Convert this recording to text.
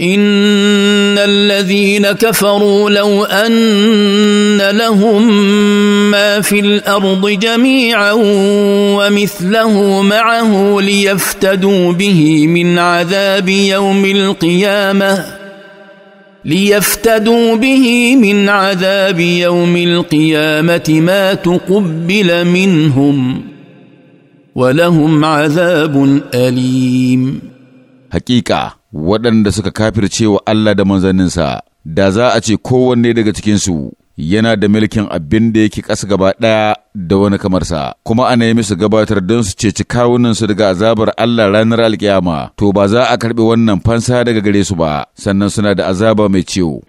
ان الذين كفروا لو ان لهم ما في الارض جميعا ومثله معه ليفتدوا به من عذاب يوم القيامه ليفتدوا به من عذاب يوم القيامه ما تقبل منهم ولهم عذاب اليم Hakika, waɗanda suka kafirce wa Allah da manzanninsa, da za a ce kowanne daga cikinsu yana da milkin abin da yake ƙasa gaba ɗaya da wani kamarsa, kuma a nemi su gabatar don su ceci kawunansu daga azabar Allah ranar alkiyama, to ba za a karɓi wannan fansa daga gare su ba, sannan suna da azaba mai ciwo.